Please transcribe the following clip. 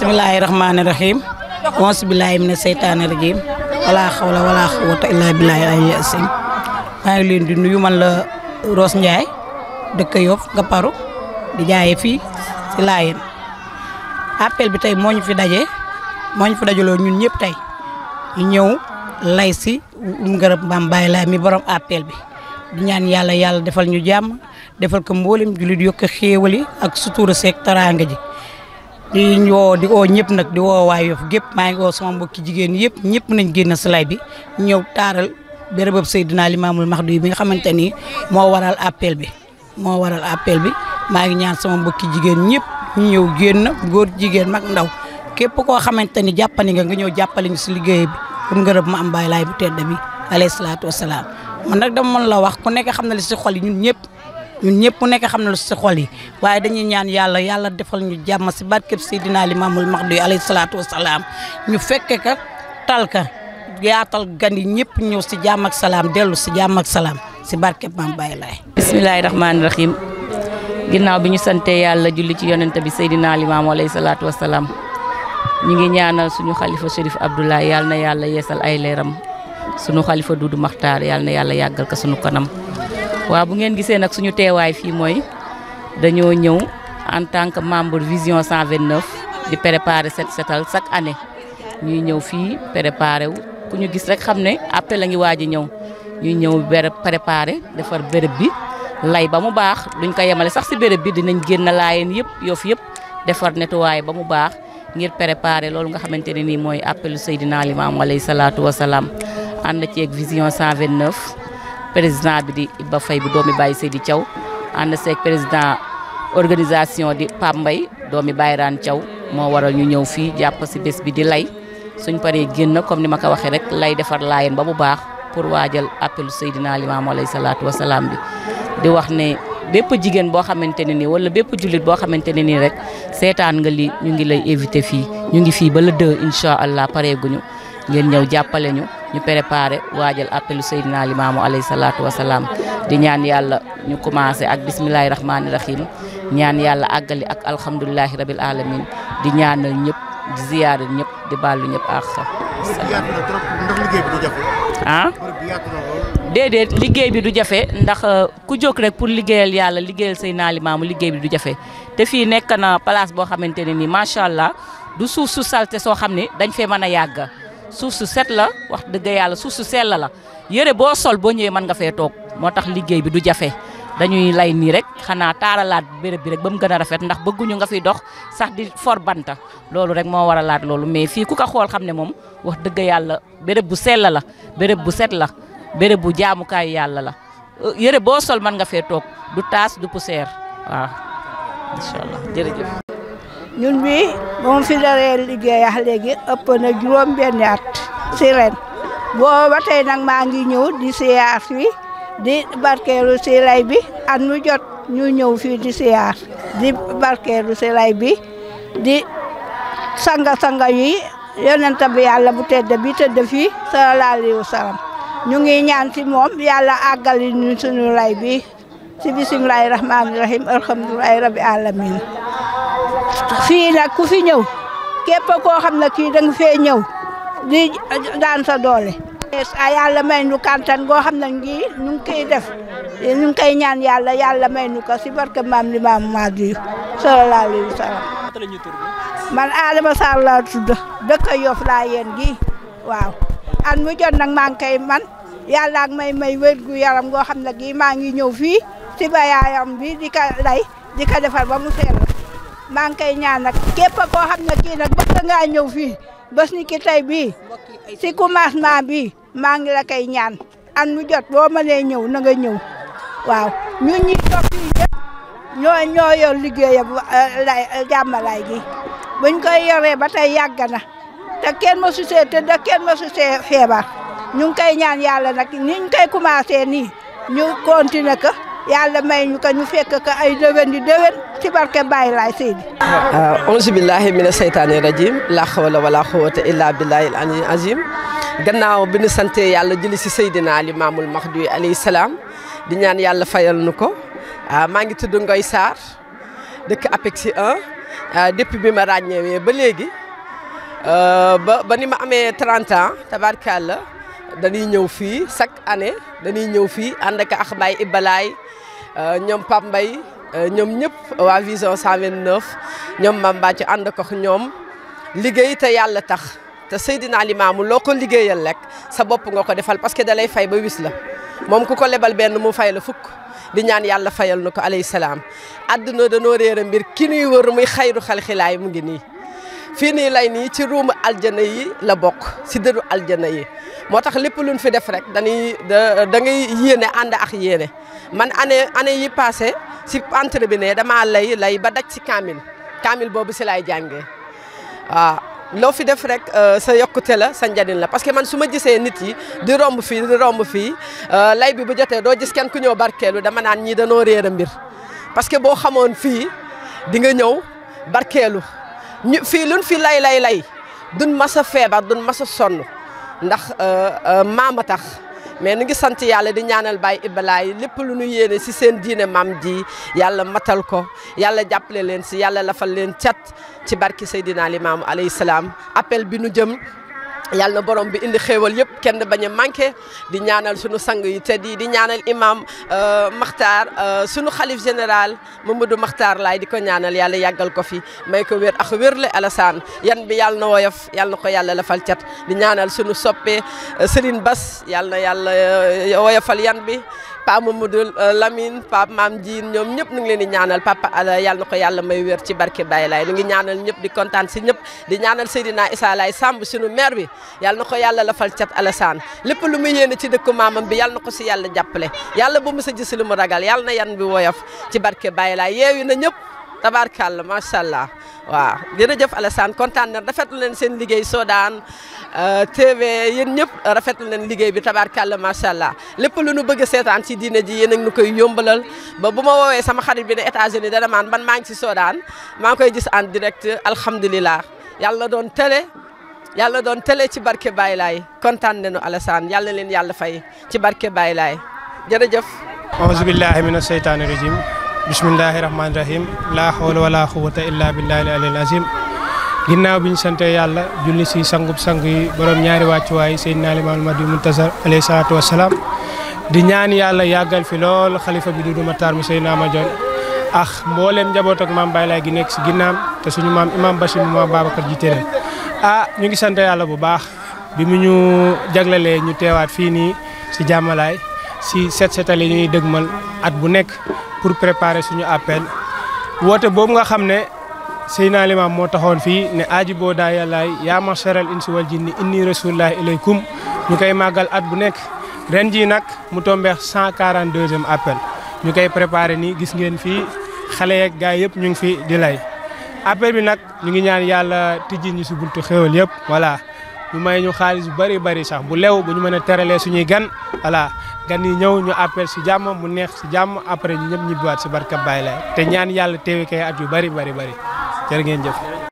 Bismillahirrahmanirrahim. wa rahim ons billahi mina seytaani rajim wala hawla wala quwwata illa billahi aliyyil azim ngi len di nuyu man la ros Ndiaye dekk yof nga paru di jaayee fi ci layen appel bi tay moo fi dajé moo fi dajalo ñun ñepp tay ñu ñëw lay si ngërëm mbam bay la mi borom appel bi di ñaan yalla yalla defal ñu jamm defal ko mboolem jullit yokk xewali ak sutura sek taranga ji di ñoo di o ñep nak di wo waa yof gépp maa ngi wo sama mbokk jigen yëpp ñep nañ genn slide bi ñëw taaral bérébëb seydina limaamul maxdu bi nga xamanteni mo waral appel bi mo waral appel bi ma ngi ñaan sama mbokk jigen ñep ñu ñëw génn góor jigéen mag ndaw kep ko xamanteni jappani nga nga ñew jappali ñu ci liggey bi ku ngërëb ma am bay lay bu tedd bi alayhi salatu wassalam man nak dama mën la wax ku nekk xamna li ci xol yi ñun ñep ñun ñëpp nekk xam na lu si xol yi waaye dañuy ñaan yàlla yàlla defal ñu jàmm si barkeb Seydina Limaamul Mahdi alayhi salaatu wasalaam ñu fekke ka tal ka gan ñëpp ñëw si jàmm salaam dellu si jàmm salaam si barkeb maam Baye Laay. bismillaahi rahmaani ginnaaw bi ñu santee yàlla julli ci yonent bi Seydina Limaamu alayhi salaatu wasalaam ñu ngi ñaanal suñu xalifa Chérif Abdoulaye yàlla na yàlla yeesal ay leeram suñu xalifa Duudu Maxtaar yàlla na yàlla yàggal ko suñu kanam. waaw bu ngeen gisee nag suñu teewaay fii mooy dañoo ñëw en tant que membre vision 129 di préparer set setal chaque année ñuy ñëw fii préparer wu ku ñu gis rek xam ne appel la ngi waaj a ñëw ñuy ñëw bere préparer defar béréb bi lay ba mu baax duñ ko yemale sax si béréb bi dinañ génn laayeen yëpp yof yëpp defar nettoyer ba mu baax ngir préparer loolu nga xamante ne nii mooy appelu Seydina Limaamu alayhi salaatu wa salaam ànd ceeg vision 129. président bi di Iba Faye bi doomi Baye Seydi Thiaw ànd seeg président organisation di Pape Mbaye doomi Baye Raan caw moo waral ñu ñëw fii jàpp si bés bi di lay suñ paree génn comme ni ma ko waxee rek lay defar laayeen ba bu baax pour waajal appelu Seydina Limaamu alayhi salaatu wa salaam bi di wax ne bépp jigéen boo xamante ne nii wala bépp jullit boo xamante ne nii rek seetaan nga li ñu ngi lay invité fii ñu ngi fii ba le deux incha allah pareeguñu ngeen jàppale ñu ñu préparé waajal appelu Seydina Limaamu alayhi salaatu wa di ñaan yàlla ñu commencé ak bisimilahi rahmaani rahim ñaan yàlla àggali ak alhamdulilahi rabil alamin di ñaanal ñëpp di ziyaare ñëpp di baalu ñëpp ak ah? déedéet liggéey bi du jafe ndax euh, ku jóg rek pour liggéeyal yàlla liggéeyal Seydina Limaamu liggéey bi du jafe te fii nekk na place boo xamante ne nii macha allah du suuf su salte soo xam ne dañ fee mën a yàgg suuf su set la wax dëgg yàlla suuf su sell la yére boo sol boo ñëwee man nga fee toog moo tax liggéey bi du jafe dañuy lay nii rek xanaa taara laat béréb bi rek ba mu gën a rafet ndax bëgguñu nga fiy dox sax di for banta loolu rek moo war a laat loolu mais fii ku ko xool xam ne moom wax dëgg yàlla béréb bu sell la béréb bu set la béréb bu jaamukaayu yàlla la yére boo sol mën nga fee toog du taas du poussière waaw incha allah ñun bii ba mu fi daree liggéeyax léegi ëpp na juróom at si ren booba tey nag maa ngi ñëw di siyaar fi di barkeelu si bi at mu jot ñu ñëw fii di siyaar di barkeelu si bi di sanga-sanga yi yonent bi yàlla bu tedd bi tëdd fii sallallahu alayhi ñu ngi ñaan moom yàlla àggali ñu bi si bisimilahi rahmaani rabbi alamin fii nag ku fi ñëw képp koo xam ne kii da nga fee ñëw di daan sa doole. a yàlla may nu kantan goo xam ne ngi ñu ngi koy def ñu ngi koy ñaan yàlla yàlla may nu ko si barke maam li maam Maadi sallallahu alayhi wa sallam man Adama Sarr laa tudd dëkk Yoff laa yéen gi waaw at mu jot nag maa ngi koy man yàlla ak may may wér gu yaram goo xam ne gii maa ngi ñëw fii si bayaayam bi di ko lay di ko defar ba mu sell mang maa ngi koy ñaanal képp koo xam ne kii nag bëgg ngaa ñëw fii bés ni ki tey bii si commencement bii maa ngi la koy ñaan an mu như boo mënee ñëw na nga ñëw waaw ñun ñi toog lại, ñëpp ñoo ñoo yor liggéeyam lay jàmmalaay gi buñ koy yoree ba tey yàgg na te kenn ma susee te da kenn ma những feebar ñu ngi koy những yàlla nag ni ñu koy commencé nii ñu continuer ko yàlla may ñu ko ñu fekk ko ay déwén di déwén ci barke Baye Laay Seydi. waaw ah, auzu billaahi mina laa xawla wala xuwwata illaa billaahi al gannaaw bi ñu sante yàlla julli si Seydina Limaamul Mahdi alayhi salaam di ñaan yàlla fayal nu ko ah, maa ngi tudd Ngoy Sarr dëkk APEXI 1 ah, depuis bi ma ràññeewee ba léegi ba ba ni ma amee 30 ans tabarkalla dañuy ñëw fii chaque année dañuy ñëw fii ànd ak ax baay Ibalaay euh, ñoom Pape Mbaye euh, ñoom ñëpp waa vision 129 ñoom Mame ci ànd ko ñoom liggéey te yàlla tax te Seydina Limaamu loo ko liggéeyal rek sa bopp nga ko defal parce que dalay fay ba wis la moom ku ko lebal benn mu fay la fukk di ñaan yàlla fayal na ko alayhi salaam àdduna danoo réer a mbir ki nuy wër muy xayru xalxilaay mu ngi nii fii nii lay nii ci ruumu aljana yi la bokk si dëru aljana yi moo tax lépp luñ fi def rek dañuy da ngay yéene ànd ak yéene man année année yi passé si entre bi ne damaa lay lay ba daj si kaamil kaamil boobu si laay jàngee waaw loo fi def rek euh, sa yokkute la sa njariñ la parce que man su ma gisee nit yi di romb fii di romb fii euh, lay bi bu jotee doo gis kenn ku ñëw barkeelu dama naan ñii danoo réer a mbir parce que boo xamoon fii di nga ñëw barkeelu ñu fii luñ fi lay lay lay duñ masa feebar dun masa a sonn ndax euh, euh, maama tax mais nu ngi sant yàlla di ñaanal Baye Ibalaay lépp lu nu yéene si seen diine maam ji yàlla matal ko yàlla jàppale leen si yàlla lafal leen cat ci barki Seydina Limaamu alayhi salaam appel bi nu jëm yàlla na borom bi indi xéewal yëpp kenn bañ a manqué di ñaanal sunu sang yu tedd yi di ñaanal imam Makhtar sunu xalif général Mamadou Makhtar laay di ko ñaanal yàlla yàggal ko fi may ko wér ak wér le alasaan yan bi yàlla na woyof yàlla na ko yàlla lafal cat di ñaanal sunu soppe Serigne Bass yàlla yàlla woyofal yan bi Pape Mamadou euh, Lamine Pape Mame Diine ñoom ñëpp ñu ngi leen di ñaanal papa yàlla na ko yàlla may wer ci barke Baye Laye ñu ngi ñaanal ñëpp di kontaan si ñëpp di ñaanal Seydina Issa Laye Samb sunu maire bi yàlla na ko yàlla lafal cat Alassane lépp lu muy yéene ci dëkku maamam bi yàlla na ko si yàlla jàppale yàlla bu mu sa gis lu mu ragal yàlla na yan bi woyof ci barke Baye Laye yeewi na ñëpp tabarkàlla macha allah waaw jërëjëf Alassane kontaan na rafetlu leen seen liggéey Sodaan euh, TV yéen ñëpp rafetlu leen liggéey bi tabaarkàlla macha allah lépp lu nu bëgg a seetaan si diina ji yéen a ngi koy yombalal ba bu ma woowee sama xarit bi ne États-Unis dana maan man maa ngi ci Sodaan maa ngi koy gis en direct alhamdulilah yàlla doon télé yàlla doon télé ci barke Baye Laye kontaan nañu Alassane yàlla leen yàlla fay ci barke Baye Laye jërëjëf. auzu billahi mina seytaani rajim bismillahi rahmaani rahim laa hawla wala quwwata illa billahi al-aliyyil azim ginnaaw bi ñu sante yàlla julli si sangub sang yi borom ñaari wàccuwaay Seydina Limaamul Mahdi Muntasar alayhi salaatu wasalaam di ñaan yàlla yàggal fi lool xalifa bi Doudou Makhtar mu Seydina Madione ak mbooleem njaboot ak maam Baye Laye gi nekk si ginnaam te suñu maam imam Bachir mu maam Babacar ji tere ah ñu ngi sant yàlla bu baax bi mu ñu jaglelee ñu teewaat fii nii si jàmmalaay si set setal ali ñuy dëgmal at bu nek pour préparer suñu appel wote bobu nga xamne ne Seydina Limaam moo taxoon fii ne bo da yalla ya ma sharal insi wal jinni inni rasulullah ilaykum ñu kay magal at bu nek ren ji nak mu tombeex 142e appel ñu kay préparer ni gis ngeen fi xalé ak gaay yep ñu ngi fi di lay appel bi nak ñu ngi ñaan yalla tijji ñu su buntu xewal yep wala ñu may ñu xaaliss bu bari bari sax bu lew bu ñu mëna suñuy gan voilà gan yi ñëw ñu appel si jàmm mu neex si jàmm après ñu ñëpp ñibbiwaat si barka Baay Laay te ñaan yàlla teewe kay at yu bari bari bari jërë ngeen jëf